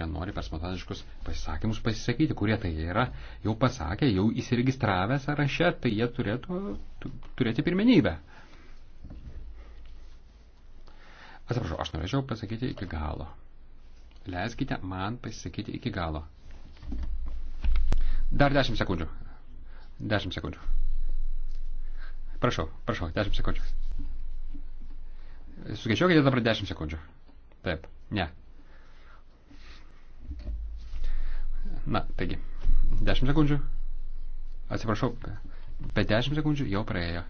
nori per spontaniškus pasisakymus pasisakyti, kurie tai yra, jau pasakė, jau įsiregistravę sąraše, tai jie turėtų turėti pirmenybę. Atsiprašau, aš norėčiau pasakyti iki galo. Leiskite man pasisakyti iki galo. Dar 10 sekundžių. 10 sekundžių. Prašau, prašau, 10 sekundžių. Sukaičiuokite dabar 10 sekundžių. Taip, ne, Na, taigi, 10 sekundžių. Atsiprašau, bet 10 sekundžių jau praėjo.